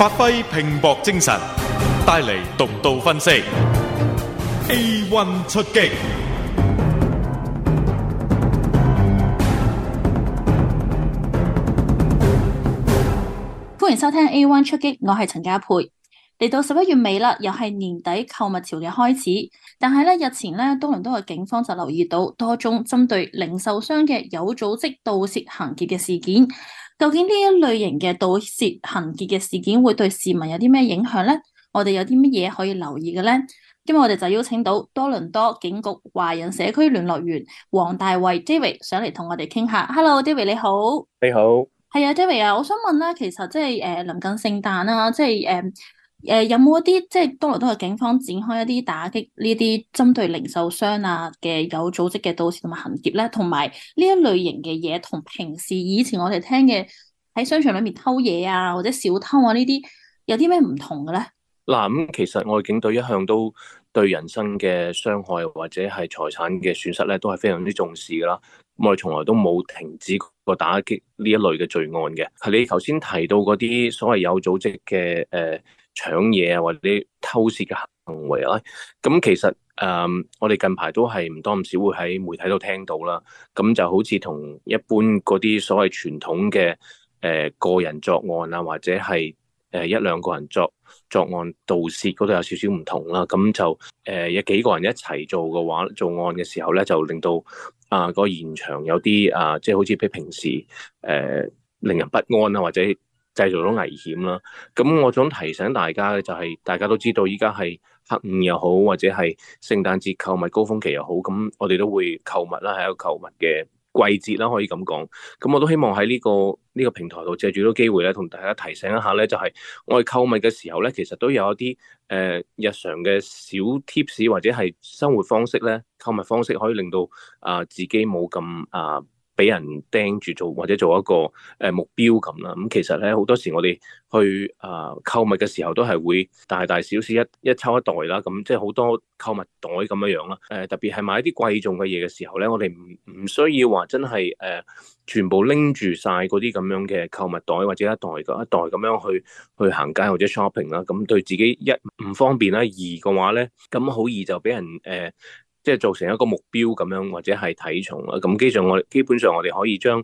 發揮拼搏精神，帶嚟獨到分析。A1 出擊，歡迎收聽 A1 出擊。我係陳家培，嚟到十一月尾啦，又係年底購物潮嘅開始。但係咧，日前咧，多倫多嘅警方就留意到多宗針對零售商嘅有組織盜竊行劫嘅事件。究竟呢一類型嘅盜竊行劫嘅事件會對市民有啲咩影響咧？我哋有啲乜嘢可以留意嘅咧？今日我哋就邀請到多倫多警局華人社區聯絡員黃大衛 David 上嚟同我哋傾下。Hello David 你好。你好。係啊 David 啊，David，我想問咧，其實即係誒，臨近聖誕啦，即係誒。就是呃誒，有冇一啲即係多倫多日警方展開一啲打擊呢啲針對零售商啊嘅有組織嘅盜竊同埋行劫咧？同埋呢一類型嘅嘢，同平時以前我哋聽嘅喺商場裏面偷嘢啊或者小偷啊呢啲有啲咩唔同嘅咧？嗱，咁其實我哋警隊一向都對人身嘅傷害或者係財產嘅損失咧都係非常之重視噶啦。我哋從來都冇停止過打擊呢一類嘅罪案嘅。係你頭先提到嗰啲所謂有組織嘅誒。呃搶嘢啊，或者偷竊嘅行為啊，咁其實誒、嗯，我哋近排都係唔多唔少會喺媒體度聽到啦。咁就好似同一般嗰啲所謂傳統嘅誒、呃、個人作案啊，或者係誒、呃、一兩個人作作案盜竊嗰度有少少唔同啦。咁就誒、呃、有幾個人一齊做嘅話，作案嘅時候咧，就令到啊、呃那個現場有啲啊，即、呃、係、就是、好似比平時誒、呃、令人不安啦、啊，或者。製造到危險啦！咁我想提醒大家嘅就係，大家都知道依家係黑五又好，或者係聖誕節購物高峰期又好，咁我哋都會購物啦，係一個購物嘅季節啦，可以咁講。咁我都希望喺呢、這個呢、這個平台度借住呢個機會咧，同大家提醒一下咧，就係、是、我哋購物嘅時候咧，其實都有一啲誒、呃、日常嘅小貼士或者係生活方式咧，購物方式可以令到啊、呃、自己冇咁啊～、呃俾人盯住做或者做一個誒、呃、目標咁啦，咁其實咧，好多時我哋去啊、呃、購物嘅時候都係會大大小小，小一一，一抽一袋啦，咁即係好多購物袋咁樣樣啦。誒、呃、特別係買一啲貴重嘅嘢嘅時候咧，我哋唔唔需要話真係誒、呃、全部拎住晒嗰啲咁樣嘅購物袋或者一袋一袋咁樣去去行街或者 shopping 啦。咁對自己一唔方便啦，二嘅話咧，咁好易就俾人誒。呃即係做成一個目標咁樣，或者係體重啦。咁基本上我基本上我哋可以將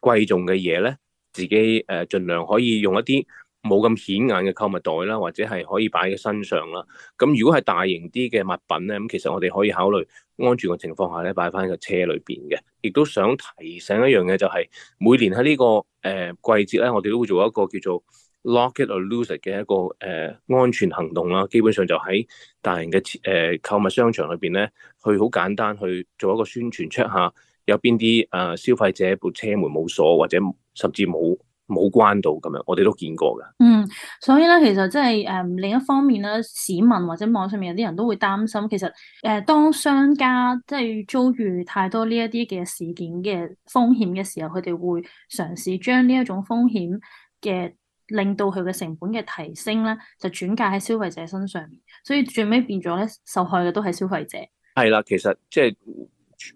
貴重嘅嘢咧，自己誒盡量、呃、可以用一啲冇咁顯眼嘅購物袋啦，或者係可以擺喺身上啦。咁如果係大型啲嘅物品咧，咁其實我哋可以考慮安全嘅情況下咧，擺翻個車裏邊嘅。亦都想提醒一樣嘢、就是，就係每年喺、這個呃、呢個誒季節咧，我哋都會做一個叫做。Lock it or lose it 嘅一個誒、呃、安全行動啦，基本上就喺大型嘅誒購物商場裏邊咧，去好簡單去做一個宣傳，check 下有邊啲誒消費者部車門冇鎖或者甚至冇冇關到咁樣，我哋都見過㗎。嗯，所以咧其實真係誒另一方面咧，市民或者網上面有啲人都會擔心，其實誒、呃、當商家即係遭遇太多呢一啲嘅事件嘅風險嘅時候，佢哋會嘗試將呢一種風險嘅。令到佢嘅成本嘅提升咧，就轉嫁喺消費者身上，所以最尾變咗咧，受害嘅都係消費者。係啦，其實即係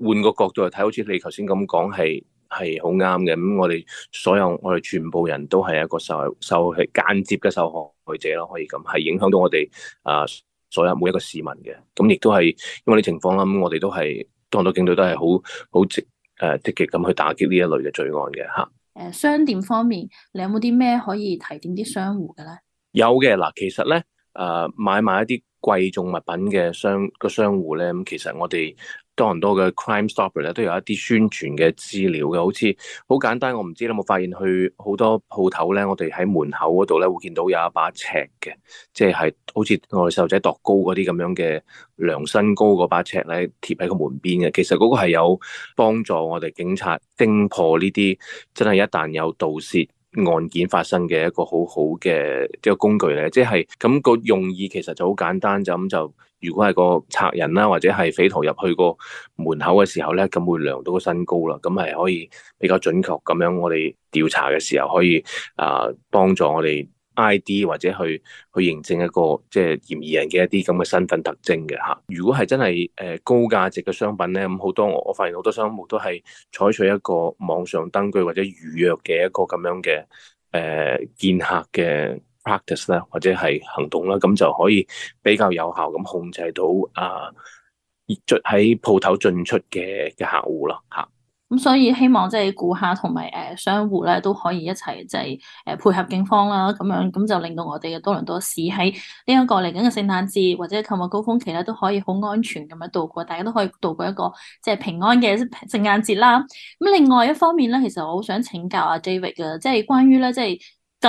換個角度嚟睇，好似你頭先咁講，係係好啱嘅。咁我哋所有我哋全部人都係一個受受係間接嘅受害害者咯，可以咁係影響到我哋啊、呃、所有每一個市民嘅。咁亦都係因為啲情況啦，咁我哋都係當到警隊都係好好積誒積極咁去打擊呢一類嘅罪案嘅嚇。誒，商店方面，你有冇啲咩可以提點啲商戶嘅咧？有嘅嗱，其實咧，誒、呃，買賣一啲貴重物品嘅商個、嗯、商戶咧，咁其實我哋。多倫多嘅 crime stopper 咧，都有一啲宣傳嘅資料嘅，好似好簡單，我唔知你有冇發現，去好多鋪頭咧，我哋喺門口嗰度咧，會見到有一把尺嘅，即係好似我哋細路仔度高嗰啲咁樣嘅量身高嗰把尺咧，貼喺個門邊嘅。其實嗰個係有幫助我哋警察偵破呢啲，真係一旦有盜竊。案件發生嘅一個好好嘅一個工具咧，即係咁個用意其實就好簡單，就咁就，如果係個賊人啦或者係匪徒入去個門口嘅時候咧，咁會量到個身高啦，咁係可以比較準確咁樣我哋調查嘅時候可以啊、呃、幫助我哋。I.D 或者去去認證一個即係嫌疑人嘅一啲咁嘅身份特徵嘅嚇。如果係真係誒高價值嘅商品咧，咁好多我，我發現好多商務都係採取一個網上登記或者預約嘅一個咁樣嘅誒見客嘅 practice 啦，或者係、呃、行動啦，咁就可以比較有效咁控制到啊喺鋪頭進出嘅嘅客戶啦嚇。啊咁、嗯、所以希望即係顧客同埋誒商戶咧都可以一齊即係誒配合警方啦，咁樣咁就令到我哋嘅多倫多市喺呢一個嚟緊嘅聖誕節或者購物高峰期咧都可以好安全咁樣度過，大家都可以度過一個即係平安嘅聖誕節啦。咁、嗯、另外一方面咧，其實我好想請教阿 David 啊，即係關於咧即係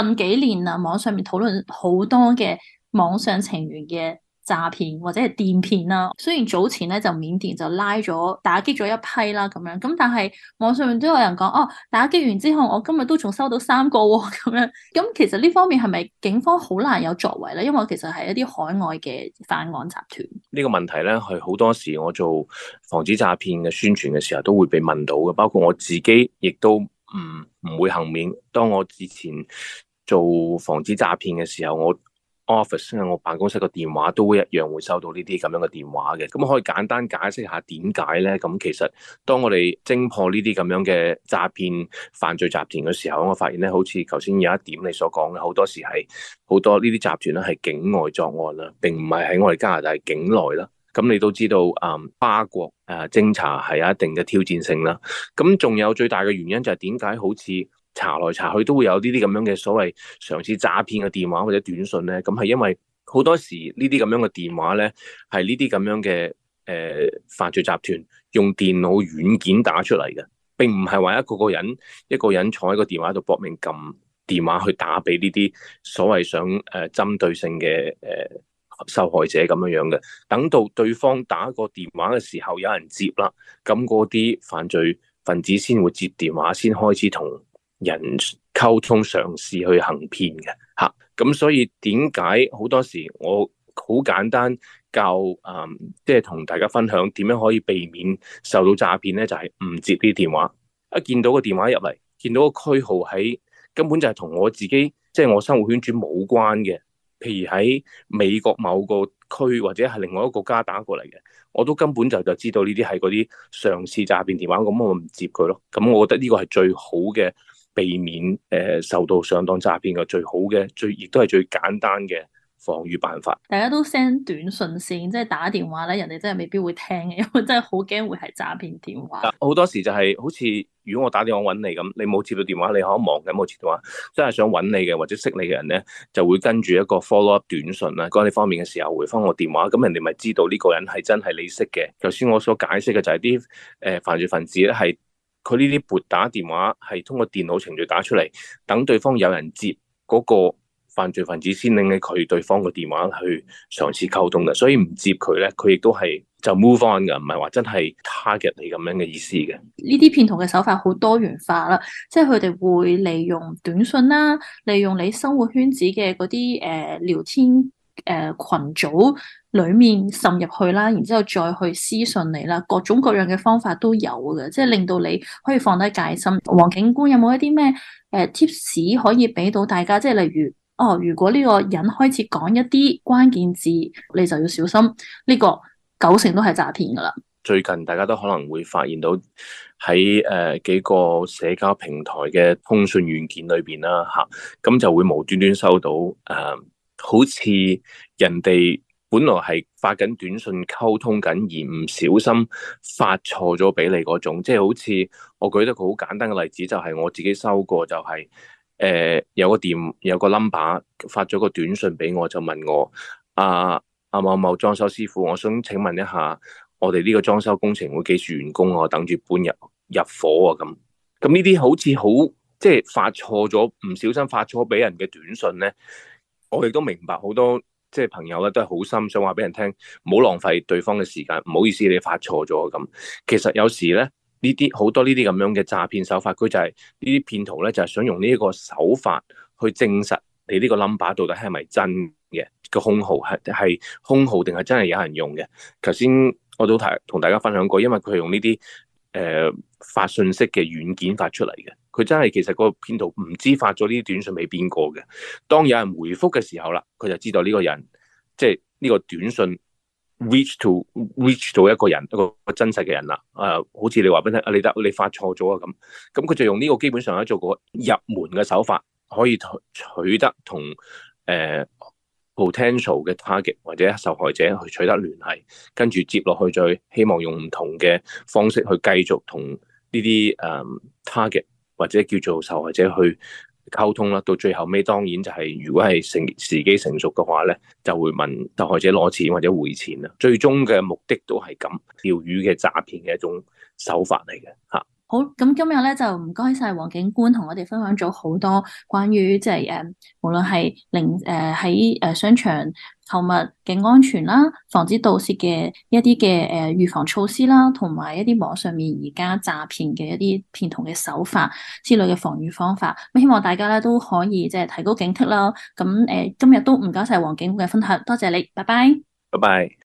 近幾年啊網上面討論好多嘅網上情緣嘅詐騙或者係電騙啦，雖然早前咧就緬甸就拉咗打擊咗一批啦，咁樣咁，但係網上面都有人講，哦，打擊完之後我今日都仲收到三個咁樣，咁其實呢方面係咪警方好難有作為咧？因為其實係一啲海外嘅犯案集團。呢個問題咧，係好多時我做防止詐騙嘅宣傳嘅時候都會被問到嘅，包括我自己亦都唔唔會幸免。當我之前做防止詐騙嘅時候，我。office 即係我辦公室個電話都會一樣會收到呢啲咁樣嘅電話嘅，咁可以簡單解釋下點解呢？咁其實當我哋偵破呢啲咁樣嘅詐騙犯罪集團嘅時候，我發現咧好似頭先有一點你所講嘅，好多時係好多呢啲集團咧係境外作案啦，並唔係喺我哋加拿大境內啦。咁你都知道，嗯，跨國誒偵查係有一定嘅挑戰性啦。咁仲有最大嘅原因就係點解好似，查來查去都會有呢啲咁樣嘅所謂嘗試詐騙嘅電話或者短信咧，咁係因為好多時呢啲咁樣嘅電話咧係呢啲咁樣嘅誒犯罪集團用電腦軟件打出嚟嘅，並唔係話一個個人一個人坐喺個電話度搏命撳電話去打俾呢啲所謂想誒、呃、針對性嘅誒、呃、受害者咁樣樣嘅。等到對方打個電話嘅時候有人接啦，咁嗰啲犯罪分子先會接電話，先開始同人溝通嘗試去行騙嘅嚇，咁、啊、所以點解好多時我好簡單教啊，即係同大家分享點樣可以避免受到詐騙呢？就係、是、唔接啲電話，一、啊、見到個電話入嚟，見到個區號喺根本就係同我自己即係、就是、我生活圈子冇關嘅，譬如喺美國某個區或者係另外一個國家打過嚟嘅，我都根本就就知道呢啲係嗰啲嘗試詐騙電話，咁我唔接佢咯。咁、嗯、我覺得呢個係最好嘅。避免誒受到上當詐騙嘅最好嘅最，亦都係最簡單嘅防禦辦法。大家都 send 短信先，即係打電話咧，人哋真係未必會聽嘅，因為真係好驚會係詐騙電話。好多時就係好似如果我打電話揾你咁，你冇接到電話，你可能忙緊冇接電話。真係想揾你嘅或者識你嘅人咧，就會跟住一個 follow up 短信啦。嗰啲方面嘅時候回翻我電話，咁人哋咪知道呢個人係真係你識嘅。頭先我所解釋嘅就係啲誒犯罪分子咧係。佢呢啲撥打電話係通過電腦程序打出嚟，等對方有人接嗰個犯罪分子先令佢對方個電話去嘗試溝通嘅，所以唔接佢咧，佢亦都係就 move on 嘅，唔係話真係 target 你咁樣嘅意思嘅。呢啲騙徒嘅手法好多元化啦，即係佢哋會利用短信啦，利用你生活圈子嘅嗰啲誒聊天誒群組。裏面滲入去啦，然之後再去私信你啦，各種各樣嘅方法都有嘅，即係令到你可以放低戒心。黃警官有冇一啲咩誒 tips 可以俾到大家？即係例如，哦，如果呢個人開始講一啲關鍵字，你就要小心，呢個九成都係詐騙㗎啦。最近大家都可能會發現到喺誒幾個社交平台嘅通訊軟件裏邊啦，嚇，咁就會無端端收到誒，好似人哋。本來係發緊短信溝通緊，而唔小心發錯咗俾你嗰種，即係好似我舉得個好簡單嘅例子，就係、是、我自己收過、就是，就係誒有個店有個 number 發咗個短信俾我，就問我阿阿某某裝修師傅，我想請問一下，我哋呢個裝修工程會幾時完工啊？我等住搬入入伙啊，哦。咁咁呢啲好似好即係發錯咗，唔小心發錯俾人嘅短信呢，我亦都明白好多。即係朋友咧，都係好心想話俾人聽，唔好浪費對方嘅時間。唔好意思，你發錯咗咁。其實有時咧，呢啲好多呢啲咁樣嘅詐騙手法，佢就係呢啲騙徒咧，就係想用呢一個手法去證實你呢個 number 到底係咪真嘅個空號，係係空號定係真係有人用嘅。頭先我都同大家分享過，因為佢係用呢啲誒發信息嘅軟件發出嚟嘅。佢真係其實個騙徒唔知發咗呢啲短信俾邊個嘅，當有人回覆嘅時候啦，佢就知道呢個人即係呢個短信 reach to reach 到一個人一個真實嘅人啦。誒、呃，好似你話俾佢聽，阿、啊、李你，你發錯咗啊咁。咁、嗯、佢就用呢個基本上係做個入門嘅手法，可以取得同誒、呃、potential 嘅 target 或者受害者去取得聯繫，跟住接落去再希望用唔同嘅方式去繼續同呢啲誒 target。Um, tar 或者叫做受害者去溝通啦，到最後尾當然就係如果係成時機成熟嘅話咧，就會問受害者攞錢或者匯錢啦。最終嘅目的都係咁，釣魚嘅詐騙嘅一種手法嚟嘅吓。好，咁今日咧就唔該晒黃警官同我哋分享咗好多關於即係誒，無論係零誒喺誒商場購物嘅安全啦，防止盜竊嘅一啲嘅誒預防措施啦，同埋一啲網上面而家詐騙嘅一啲騙徒嘅手法之類嘅防禦方法，咁希望大家咧都可以即係提高警惕啦。咁誒、呃，今日都唔該晒黃警官嘅分享，多謝你，拜拜，拜拜。